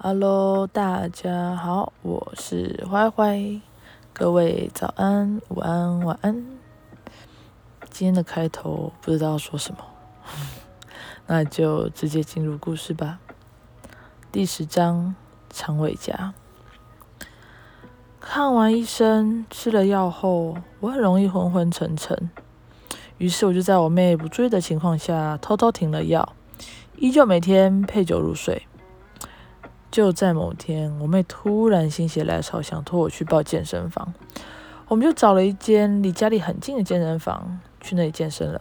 哈嘍，大家好，我是壞壞。各位早安、午安、晚安。今天的開頭不知道說什麼， 那就直接進入故事吧。第十章，長尾夾。看完醫生，吃了藥後，我很容易昏昏沉沉。於是我就在我妹不注意的情況下，偷偷停了藥，依舊每天配酒入睡。就在某天，我妹突然心血來潮，想拖我去報健身房。我們就找了一間離家裡很近的健身房，去那裡健身了。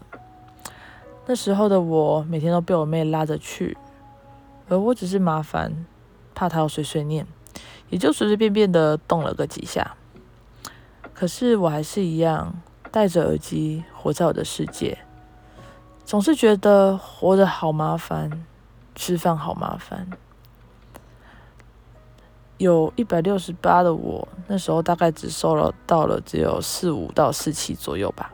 那時候的我，每天都被我妹拉着去，而我只是麻煩，怕她要碎碎念，也就隨隨便便的動了個幾下。可是我還是一樣戴着耳機，活在我的世界，總是覺得活着好麻煩，吃飯好麻煩。有一百六十八的我，那時候大概只瘦了到了只有四五到四七左右吧。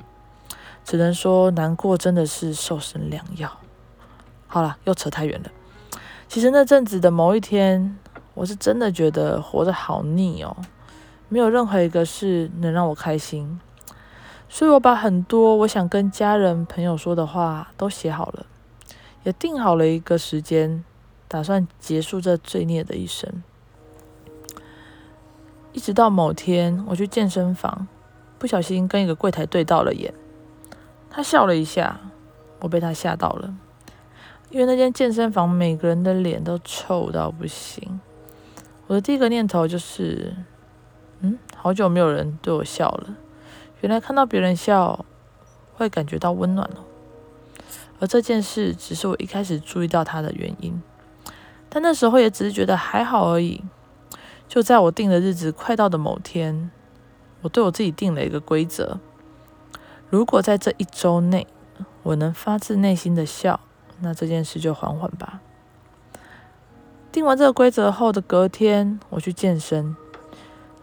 只能說難過真的是瘦身良藥。好了，又扯太遠了。其實那陣子的某一天，我是真的覺得活得好膩哦、喔，沒有任何一個事能讓我開心。所以我把很多我想跟家人朋友說的話都寫好了，也定好了一個時間，打算結束這罪孽的一生。一直到某天，我去健身房，不小心跟一個櫃檯對到了眼，他笑了一下，我被他嚇到了。因為那間健身房每個人的臉都臭到不行，我的第一個念頭就是，嗯，好久沒有人對我笑了，原來看到別人笑會感覺到溫暖了。而這件事只是我一開始注意到他的原因，但那時候也只是覺得還好而已。就在我定的日子快到的某天，我對我自己定了一個規則：如果在這一周內我能發自內心的笑，那這件事就緩緩吧。定完這個規則後的隔天，我去健身，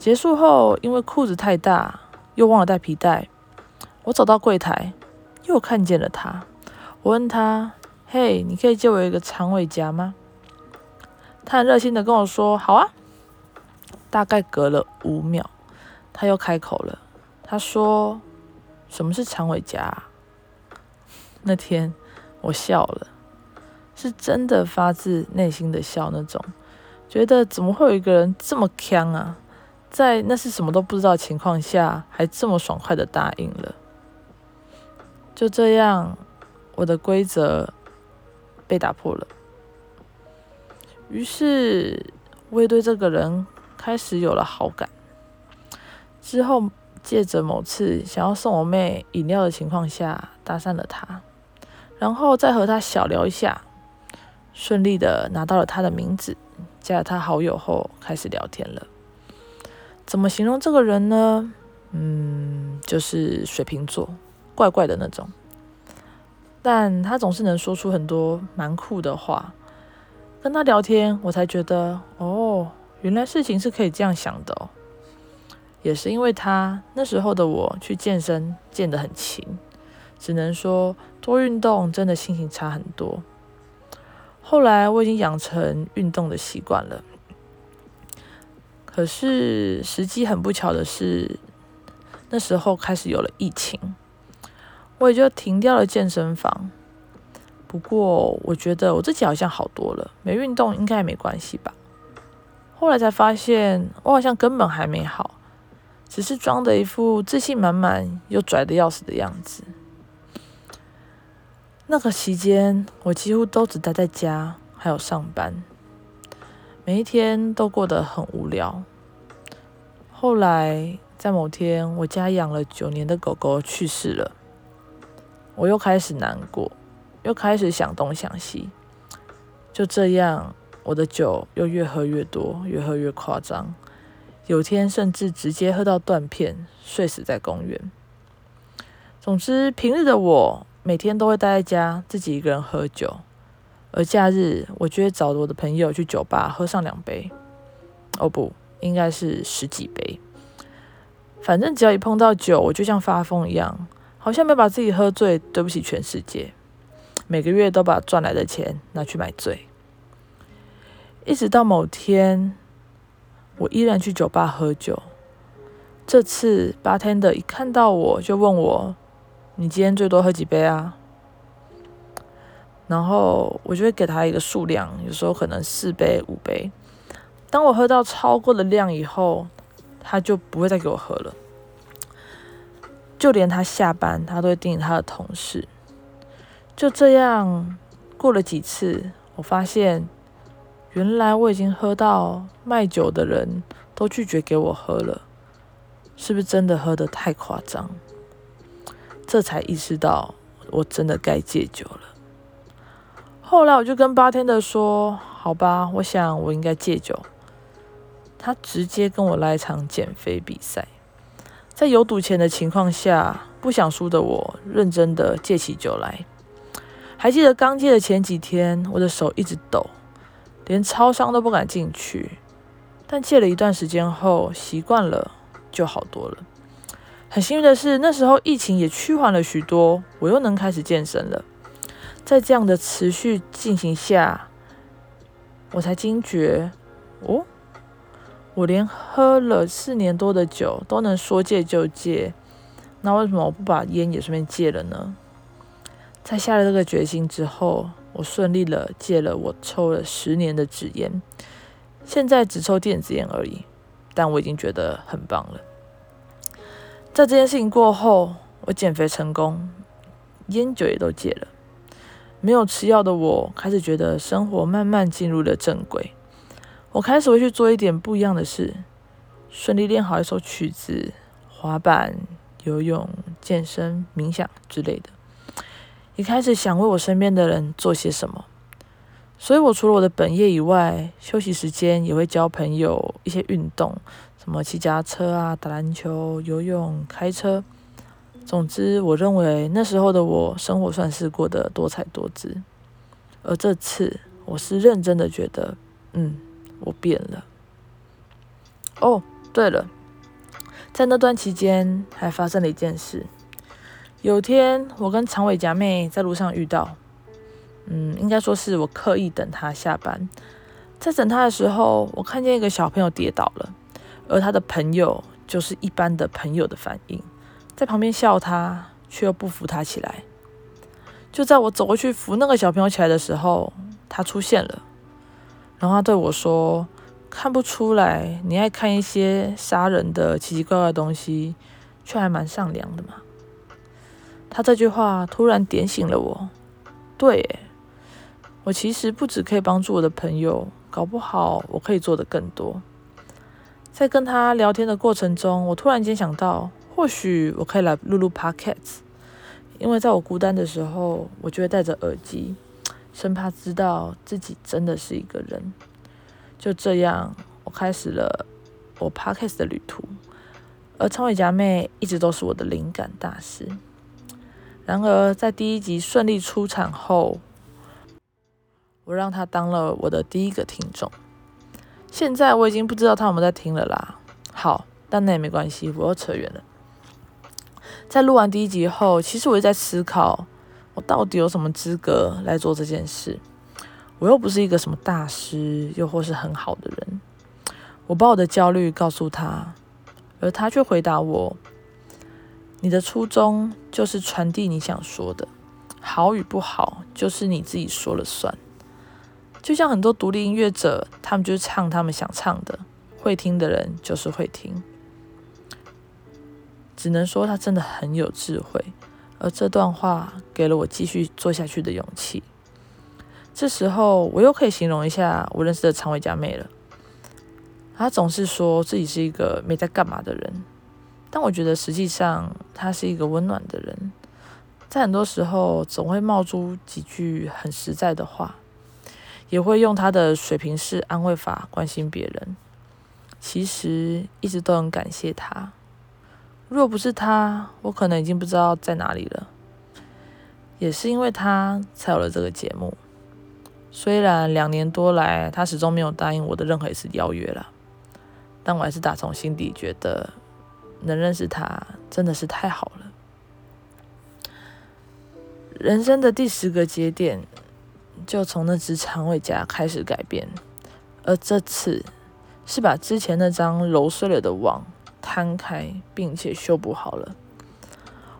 結束後因為褲子太大，又忘了帶皮帶，我走到櫃台又看見了他。我問他：“嘿，hey，你可以借我一個長尾夾嗎？”他很熱心的跟我說：“好啊。”大概隔了五秒，他又開口了。他說：“什麼是長尾夾？”那天我笑了，是真的發自內心的笑，那種覺得怎麼會有一個人這麼強啊，在那是什麼都不知道情況下，還這麼爽快的答應了。就這樣，我的規則被打破了。於是，我也對這個人。開始有了好感，之後借着某次想要送我妹飲料的情況下搭訕了他，然後再和他小聊一下，順利的拿到了他的名字，加了他好友後開始聊天了。怎麼形容這個人呢？嗯，就是水瓶座，怪怪的那種，但他總是能說出很多蠻酷的話，跟他聊天我才覺得哦。原來事情是可以這樣想的哦，也是因為他那時候的我去健身，健得很勤，只能說多運動真的心情差很多。後來我已經養成運動的習慣了，可是時機很不巧的是，那時候開始有了疫情，我也就停掉了健身房。不過我覺得我自己好像好多了，沒運動應該也沒關係吧。後來才發現，我好像根本還沒好，只是裝的一副自信滿滿又拽得要死的樣子。那個期間，我幾乎都只待在家，還有上班，每一天都過得很無聊。後來，在某天，我家養了九年的狗狗去世了，我又開始難過，又開始想東想西，就這樣。我的酒又越喝越多，越喝越誇張。有天甚至直接喝到斷片，睡死在公園。總之，平日的我每天都會待在家，自己一個人喝酒；而假日，我就會找我的朋友去酒吧喝上兩杯。哦，不，應該是十幾杯。反正只要一碰到酒，我就像發瘋一樣，好像沒把自己喝醉，對不起全世界。每個月都把賺來的錢拿去買醉。一直到某天，我依然去酒吧喝酒。這次，bartender，一看到我就問我：“你今天最多喝幾杯啊？”然後我就會給他一個數量，有時候可能四杯、五杯。當我喝到超過的量以後，他就不會再給我喝了。就連他下班，他都會盯他的同事。就這樣過了幾次，我發現。原來我已經喝到賣酒的人都拒絕給我喝了，是不是真的喝得太誇張？這才意識到我真的該戒酒了。後來我就跟八天的說：“好吧，我想我應該戒酒。”他直接跟我來一場減肥比賽，在有賭錢的情況下，不想輸的我，認真的戒起酒來。還記得剛戒的前幾天，我的手一直抖。連超商都不敢進去，但戒了一段時間後，習慣了就好多了。很幸運的是，那時候疫情也趨緩了許多，我又能開始健身了。在這樣的持續進行下，我才驚覺，哦，我連喝了四年多的酒都能說戒就戒，那為什麼我不把菸也順便戒了呢？在下了這個決心之後。我順利了，戒了我抽了十年的紙菸，現在只抽電子菸而已，但我已經覺得很棒了。在這件事情過後，我減肥成功，菸酒也都戒了，沒有吃藥的我開始覺得生活慢慢進入了正軌。我開始會去做一點不一樣的事，順利練好一首曲子，滑板、游泳、健身、冥想之類的。一開始想為我身邊的人做些什麼，所以我除了我的本業以外，休息時間也會交朋友、一些運動，什麼騎腳車啊、打籃球、游泳、開車。總之，我認為那時候的我生活算是過得多彩多姿。而這次，我是認真的覺得，嗯，我變了。哦，對了，在那段期間還發生了一件事。有天，我跟長尾夾妹在路上遇到，嗯，應該說是我刻意等他下班。在等他的時候，我看見一個小朋友跌倒了，而他的朋友就是一般的朋友的反應，在旁邊笑他，卻又不扶他起來。就在我走過去扶那個小朋友起來的時候，他出現了，然後他對我說：“看不出來，你愛看一些殺人的奇奇怪怪的東西，卻還蠻善良的嘛。”他這句話突然點醒了我，對耶，我其實不止可以幫助我的朋友，搞不好我可以做得更多。在跟他聊天的過程中，我突然間想到，或許我可以來錄錄 Podcast，因為在我孤單的時候，我就會戴着耳機，生怕知道自己真的是一個人。就這樣，我開始了我 Podcast 的旅途，而長尾夾妹一直都是我的靈感大師。然而，在第一集順利出場後，我讓他當了我的第一個聽眾。現在我已經不知道他有沒有在聽了啦。好，但那也沒關係，我又扯遠了。在錄完第一集後，其實我也在思考，我到底有什麼資格來做這件事？我又不是一個什麼大師，又或是很好的人。我把我的焦慮告訴他，而他卻回答我，你的初衷就是傳遞你想說的，好與不好就是你自己說了算。就像很多獨立音樂者，他們就是唱他們想唱的，會聽的人就是會聽。只能說他真的很有智慧，而這段話給了我繼續做下去的勇氣。這時候我又可以形容一下我認識的長尾夾妹了，她總是說自己是一個沒在幹嘛的人。但我覺得實際上他是一個溫暖的人，在很多時候總會冒出幾句很實在的話，也會用他的水平式安慰法關心別人。其實一直都很感謝他，若不是他，我可能已經不知道在哪裡了。也是因為他才有了這個節目。雖然兩年多來他始終沒有答應我的任何一次邀約了，但我還是打從心底覺得。能認識他真的是太好了。人生的第十個節點，就從那隻長尾夾開始改變，而這次是把之前那張揉碎了的網攤開，並且修補好了。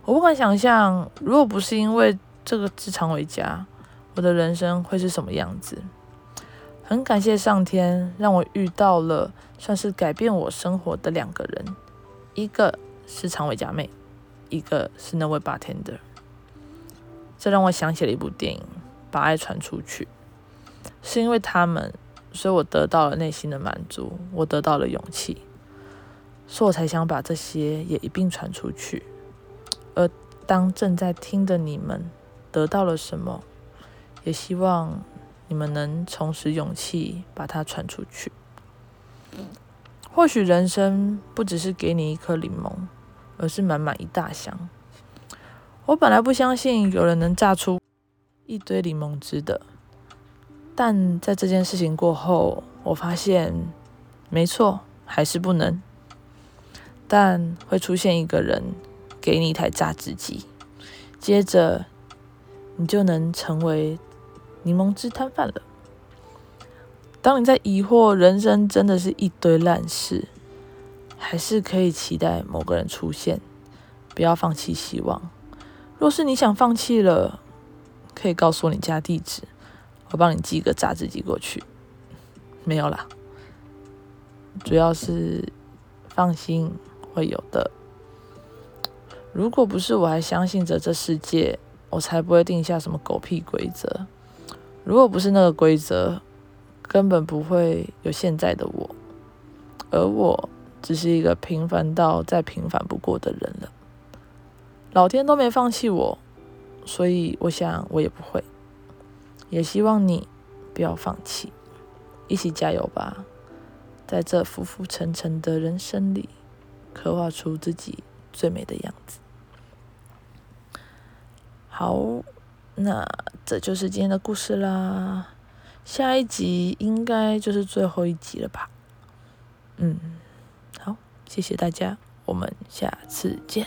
我不敢想象，如果不是因為這個支長尾夾，我的人生會是什麼樣子。很感謝上天讓我遇到了，算是改變我生活的兩個人。一個是長尾夾妹，一個是那位 bartender。這讓我想起了了一部電影《把愛傳出去》，是因為他們，所以我得到了內心的滿足，我得到了勇氣，所以我才想把這些也一併傳出去。而當正在聽的你們得到了什麼，也希望你們能重拾勇氣，把它傳出去。或許人生不只是給你一顆檸檬，而是滿滿一大箱。我本來不相信有人能榨出一堆檸檬汁的，但在這件事情過後，我發現，沒錯，還是不能。但會出現一個人給你一台榨汁機，接着你就能成為檸檬汁攤販了。當你在疑惑人生真的是一堆爛事，還是可以期待某個人出現？不要放棄希望。若是你想放棄了，可以告訴我你家地址，我幫你寄個雜誌寄過去。沒有啦，主要是放心會有的。如果不是我還相信着這世界，我才不會定下什麼狗屁規則。如果不是那個規則，根本不會有現在的我，而我只是一個平凡到再平凡不過的人了。老天都沒放棄我，所以我想我也不會。也希望你不要放棄，一起加油吧，在這浮浮沉沉的人生裡，刻畫出自己最美的樣子。好，那這就是今天的故事啦。下一集應該就是最後一集了吧？嗯，好，謝謝大家，我們下次見。